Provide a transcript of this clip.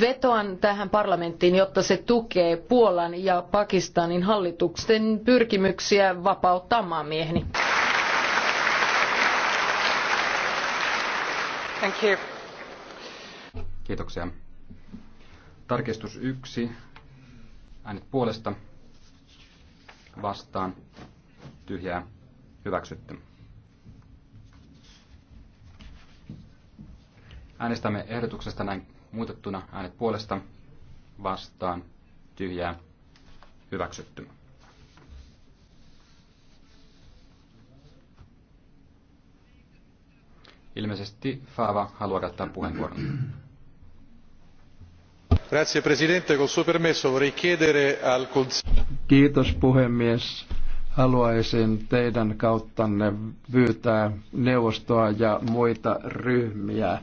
Vetoan tähän parlamenttiin, jotta se tukee Puolan ja Pakistanin hallituksen pyrkimyksiä vapauttaa maamieheni. Thank you. Kiitoksia. Tarkistus yksi. Äänet puolesta vastaan. Tyhjää. Hyväksytty. Äänestämme ehdotuksesta näin muutettuna äänet puolesta vastaan tyhjää hyväksytty. Ilmeisesti Faava haluaa käyttää puheenvuoron. Grazie Presidente, col suo permesso vorrei chiedere al Consiglio. Kiitos puhemies. Haluaisin teidän kauttanne pyytää neuvostoa ja muita ryhmiä